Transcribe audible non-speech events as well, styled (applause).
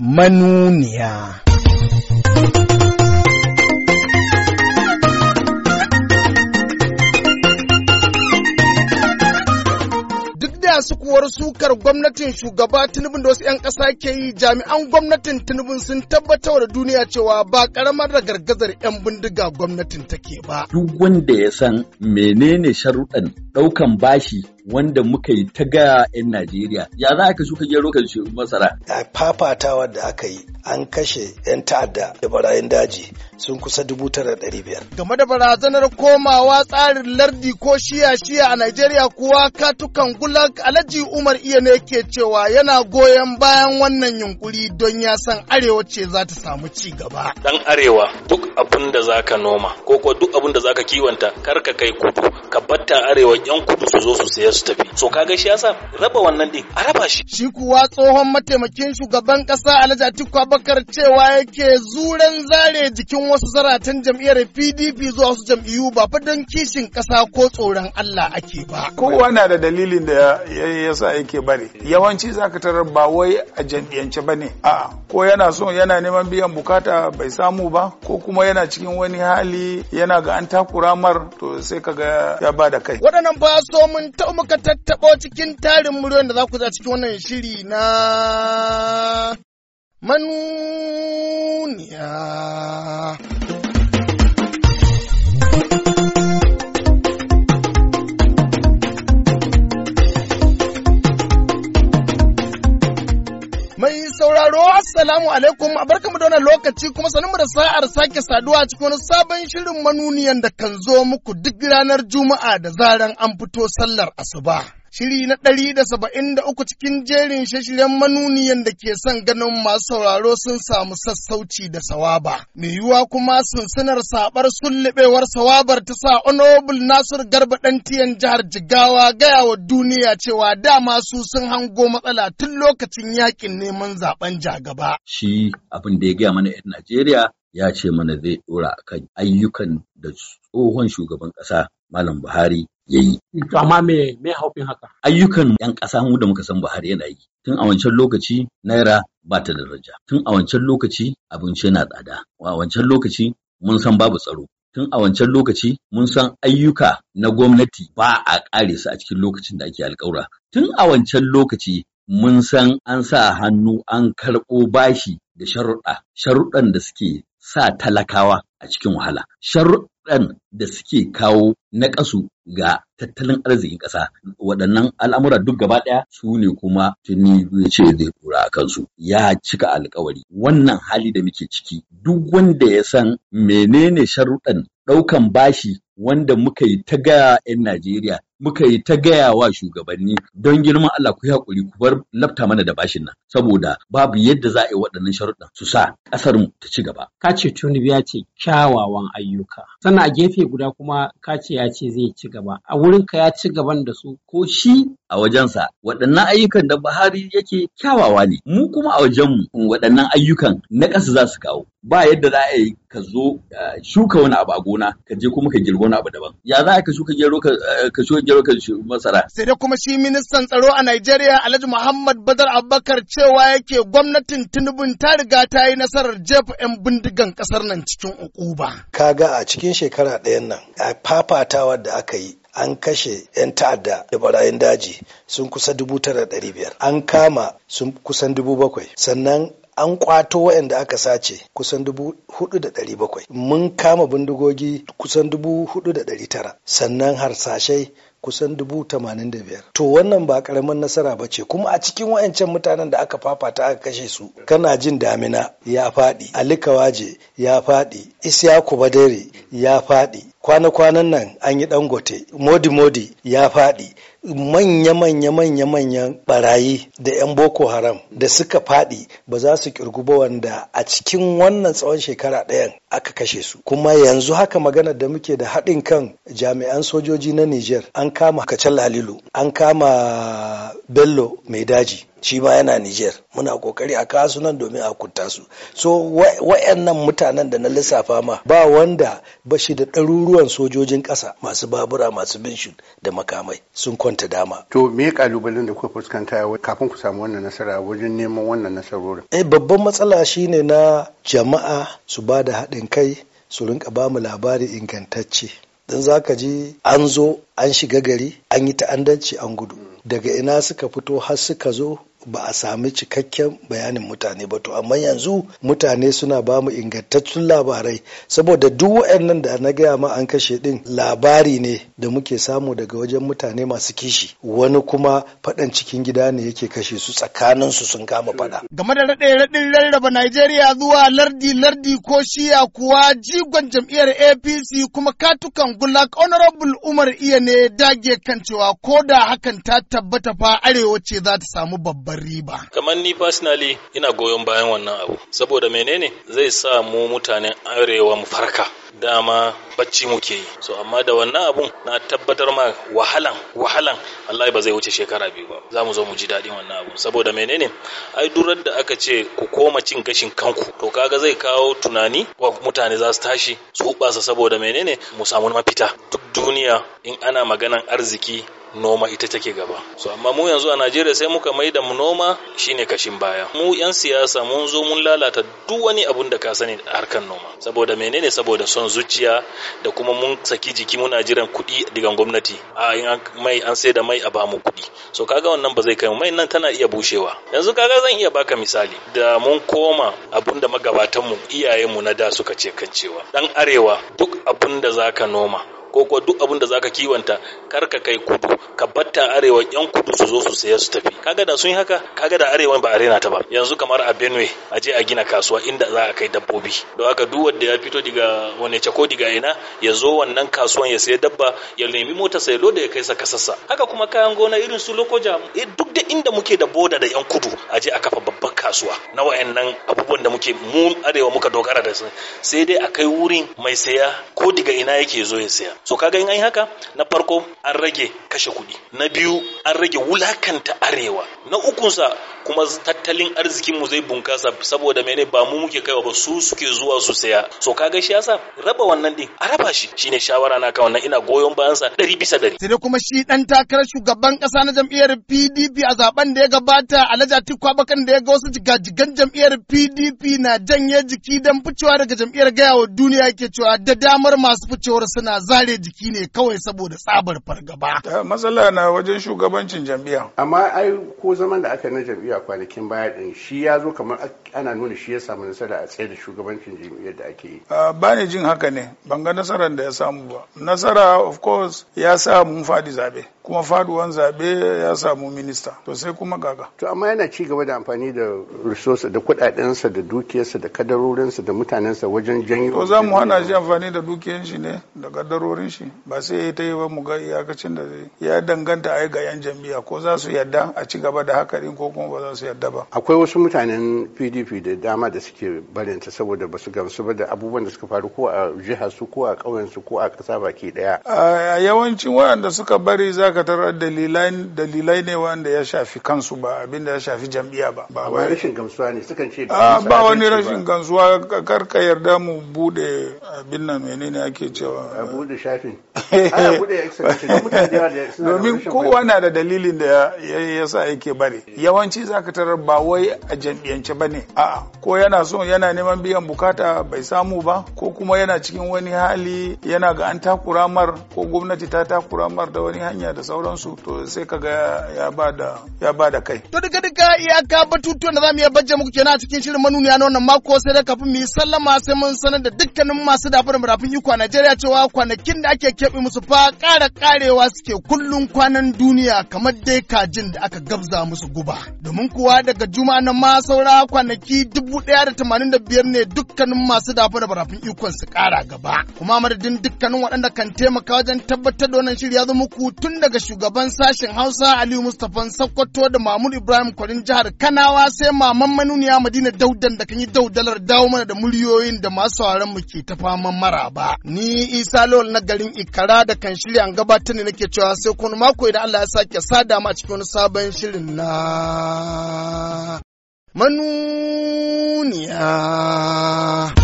manuniya. Duk sukuwar sukar gwamnatin shugaba tinubun da wasu 'yan ƙasa ke yi jami'an gwamnatin tinubun sun tabbatar da duniya cewa ba karamar da gargazar 'yan bindiga gwamnatin take ba. Duk wanda ya san menene sharuɗan ɗaukan bashi wanda muka yi ta gaya 'yan Najeriya. Ya za ka shuka gero shi masara? A fafatawa da aka yi an kashe 'yan ta'adda da barayin daji sun kusa dubu tara da ɗari biyar. Game da barazanar komawa tsarin lardi ko shiya-shiya a Najeriya kuwa katukan gulag Alhaji Umar iya ne ke cewa yana goyon bayan wannan yunkuri don ya san arewa ce za ta samu ci gaba. Dan arewa duk abin da za ka noma ko duk abin da za ka kiwanta kar ka kai kudu ka batta arewa 'yan kudu su zo su sayar ya su tafi so kaga shi yasa raba wannan din a raba shi shi kuwa tsohon mataimakin shugaban kasa Alhaji Atiku Abubakar cewa yake zuran zare jikin wasu zaratan jam'iyyar PDP zuwa wasu jam'iyyu ba fa don kishin ƙasa ko tsoron Allah ake ba kowa na da dalilin da yasa yake bari yawanci zaka tarar ba wai a jam'iyyance bane a'a ko yana so yana neman biyan bukata bai samu ba ko kuma yana cikin wani hali yana ga an takura mar to sai kaga ya ba da kai waɗannan ba so mun muka tattaɓo cikin tarin muryar da za ku za cikin wannan shiri na manuniya. Assalamu alaikum, barkamu da wannan lokaci kuma sanin mu da sa'ar sake saduwa cikin wani sabon shirin manuniyan da kan zo muku duk ranar Juma'a da zaran an fito sallar asuba. shiri na ɗari da saba'in da uku cikin jerin shashiryan manuniyan da ke son ganin masu sauraro sun samu sassauci da sawaba. Mai yiwuwa kuma sunsunar sabar sullubewar sawabar ta sa onobul Nasir Garba ɗan tiyan jihar Jigawa gaya wa duniya cewa dama su sun hango matsala tun lokacin yakin neman zaben jagaba. Shi abin da ya gaya mana 'yan Najeriya ya ce mana zai ɗora kan ayyukan da tsohon shugaban ƙasa Malam Buhari ya yi. Amma me me haufin haka? Ayyukan 'yan ƙasa mu da muka san Buhari yana yi. Tun a wancan lokaci naira ba ta daraja. Tun a wancan lokaci abinci yana tsada. A wancan lokaci mun san babu tsaro. Tun a wancan lokaci mun san ayyuka na gwamnati ba a ƙare su a cikin lokacin da ake alƙawura. Tun a wancan lokaci mun san an sa hannu an karɓo bashi da sharuɗa. Sharuɗan da suke sa talakawa a cikin wahala. Sharuɗa ɗan da suke kawo naƙasu ga tattalin arzikin ƙasa waɗannan al'amura duk gaba ɗaya su ne kuma tuni ce zai kura a kansu ya cika alkawari wannan hali da muke ciki duk wanda ya san menene sharuɗan ɗaukan bashi wanda muka yi ta gaya 'yan Najeriya muka yi ta gaya wa shugabanni don girma Allah ku yi hakuri ku bar lafta mana da bashin nan saboda babu yadda za a yi waɗannan sharuɗan su sa ƙasar mu ta ci gaba. Ka ce tuni ya ce kyawawan ayyuka. Sannan a gefe guda kuma ka ce ya ce zai ci gaba. A wurin ka ya ci gaban da su ko shi a wajensa waɗannan ayyukan da Buhari yake kyawawa ne. Mu kuma a wajen wajenmu waɗannan ayyukan na ƙasa za su kawo. Ba yadda za a yi ka zo eh, shuka wani abu a gona ka je kuma ka girbi wani abu daban. Ya za ka shuka gero ka eh, shuka gero kan masara. Sai dai kuma shi ministan tsaro a Najeriya Alhaji Muhammad Badar Abubakar cewa yake gwamnatin Tinubun ta riga ta yi nasarar jefa 'yan bindigan kasar nan cikin ukuba. Kaga a cikin shekara ɗayan nan a fafatawa da aka yi an kashe 'yan ta'adda da barayin daji sun kusa dubu tara ɗari biyar an kama sun kusan dubu bakwai sannan an kwato waɗanda aka sace kusan dubu hudu da ɗari bakwai mun kama bindigogi kusan dubu hudu da ɗari tara sannan harsashai kusan dubu tamanin da biyar to wannan ba karamin nasara ba ce kuma a cikin wayancan mutanen da aka fafata aka kashe su kana jin damina ya faɗi Ali alikawaje ya faɗi isyaku badere ya faɗi kwana-kwanan nan an yi dangote modi-modi ya faɗi manya-manya-manya-manyan barayi da 'yan boko haram da suka faɗi ba za su kirgu ba wanda a cikin wannan tsawon shekara ɗayan aka kashe su kuma yanzu haka magana da muke da haɗin kan jami'an sojoji na niger an kama kacal halilu an kama bello mai daji shi ma yana Niger muna kokari a kasu nan domin a kunta su so wayannan mutanen da na lissafa ma ba wanda ba shi da ɗaruruwan sojojin ƙasa masu babura masu bin binshin da makamai sun kwanta dama to me kalubalen da kuka fuskanta kafin ku samu wannan nasara wajen neman wannan nasarorin eh babban matsala shine na jama'a su ba da haɗin kai su rinka ba mu labari ingantacce dan zaka ka ji an zo an shiga gari an yi ta'andanci an gudu daga ina suka fito har suka zo ba a sami cikakken bayanin mutane ba to amma yanzu mutane suna ba mu ingantaccen labarai saboda duk waɗannan da na gaya ma an kashe din labari ne da muke samu daga wajen mutane masu kishi wani kuma faɗan cikin gida ne yake kashe su tsakanin su sun kama faɗa. game da raɗe raɗin rarraba Najeriya zuwa lardi lardi ko shiya kuwa jigon jam'iyyar APC kuma katukan Gulak Honorable Umar Iya ne dage kan cewa ko da hakan ta tabbata fa arewa ce za ta samu babba babban riba. Kamar ni personally ina goyon bayan wannan abu saboda menene zai sa mu mutanen arewa mu farka dama bacci muke yi so amma da wannan abun na tabbatar ma wahalan wahalan wallahi ba zai wuce shekara biyu ba za mu zo mu ji daɗin wannan abun saboda menene ai durar da aka ce ku koma cin gashin kanku to kaga zai kawo tunani wa mutane za su tashi su hubasa saboda menene mu samu mafita duk duniya in ana maganan arziki noma ita take gaba so amma mu yanzu a Najeriya sai muka mai da noma shine kashin baya mu yan siyasa mun zo mun lalata duk wani abun da ka sani harkan noma saboda menene saboda son zuciya da kuma mun saki jiki muna jiran kuɗi daga gwamnati a in mai an sai da mai a bamu kuɗi so kaga wannan ba zai kai mai nan tana iya bushewa yanzu kaga zan iya baka misali da mun koma abun da magabatanmu iyayenmu na da suka ce kan cewa dan arewa duk abun da zaka noma ko kuwa duk abin da ka kiwanta kar ka kai kudu ka batta arewa yan kudu su zo su saya su tafi kaga da sun yi haka kaga da arewa ba arena ta ba yanzu kamar a Benue a je a gina kasuwa inda za a kai dabbobi don haka duk wanda ya fito daga wani cako diga ina ya zo wannan kasuwan ya sayi dabba ya nemi mota sai loda ya kai sa kasassa haka kuma kayan gona irin su lokoja eh, duk da inda muke da boda da yan kudu a je a kafa babban kasuwa na wayannan abubuwan da muke mu arewa muka dogara da su sai dai a kai wurin mai saya ko daga ina yake zo ya saya so kaga in an haka na farko an rage kashe kuɗi na biyu an rage wulakanta arewa na ukunsa kuma tattalin arzikin mu zai bunkasa saboda mene ba mu muke kaiwa ba su suke zuwa su saya so kaga shi yasa raba wannan din a raba shi shine shawara na ka wannan ina goyon bayan sa 100 bisa sai kuma shi dan takarar shugaban kasa na jam'iyyar PDP a zaben da ya gabata Alhaji Atiku Abubakar da ya ga wasu jigajigan jam'iyyar PDP na janye jiki dan ficewa daga jam'iyyar gaya wa duniya ke cewa da damar masu ficewar suna zari kare jiki ne kawai saboda tsabar fargaba. Matsala na wajen shugabancin jam'iyya. Amma ai ko zaman da aka na jam'iyya kwanakin baya din shi ya zo kamar ana nuna shi ya samu nasara a tsaye da shugabancin jam'iyyar da ake yi. Ba ni jin haka ne ban ga nasarar da ya samu ba. Nasara of course ya sa mun fadi zabe kuma faduwan zabe ya samu minista to sai kuma gaga. To amma yana ci gaba da amfani da resource da kuɗaɗensa da dukiyarsa da kadarorinsa da mutanensa wajen janyo. To za mu hana shi amfani da dukiyar shi ne da kadarorin wurin shi ba sai ya ta yi ba mu ga iyakacin da zai ya danganta ai ga yan jamia ko za su yadda a ci gaba da haka ko kuma ba za su yadda ba akwai wasu mutanen PDP da dama da suke barinta saboda ba su gamsu ba da abubuwan da suka faru ko a jihar su ko a ƙauyen su ko a ƙasa baki daya a yawancin waɗanda suka bari zaka tarar dalilan dalilai ne wanda ya shafi kansu ba abin da ya shafi jamia ba ba wani rashin gamsuwa ne sukan ce ba wani rashin gamsuwa kar ka yarda mu bude abin nan menene ake cewa a bude shafin (laughs) domin kowa na da dalilin da ya sa yake bari yawanci zaka tarar ba wai a ba ne. a'a ko yana so yana neman biyan bukata bai samu ba ko kuma yana cikin wani hali yana ga an takura mar ko gwamnati ta takura mar da wani hanya da sauransu to sai ka ya ya ba da kai to daga daga iyaka batutuwan da zamu iya bajje muku kenan a cikin shirin manuniya na wannan mako sai da kafin mu yi sallama sai mun sanar da dukkanin masu dafar murafin iko a Najeriya cewa kwanakin da ake keɓe musu fa ƙara ƙarewa suke kullum kwanan duniya kamar dai kajin da aka gabza musu guba. Domin kuwa daga juma na ma saura kwanaki dubu ɗaya da tamanin da biyar ne dukkanin masu dafa da barafin ikon su ƙara gaba. Kuma madadin dukkanin waɗanda kan taimaka wajen tabbatar da wannan shiri ya zo muku tun daga shugaban sashen Hausa Aliyu Mustapha Sokoto da Mahmud Ibrahim Kwarin jihar Kanawa sai maman manuniya Madina Daudan da kan yi daudalar dawo mana da muryoyin da masu sauraron mu ke ta faman maraba. Ni Isa Lol na garin Ikara da kan shirya an gabatar ne nake cewa sai kun mako idan Allah ya sake sada a cikin wani sabon shirin na manuniya.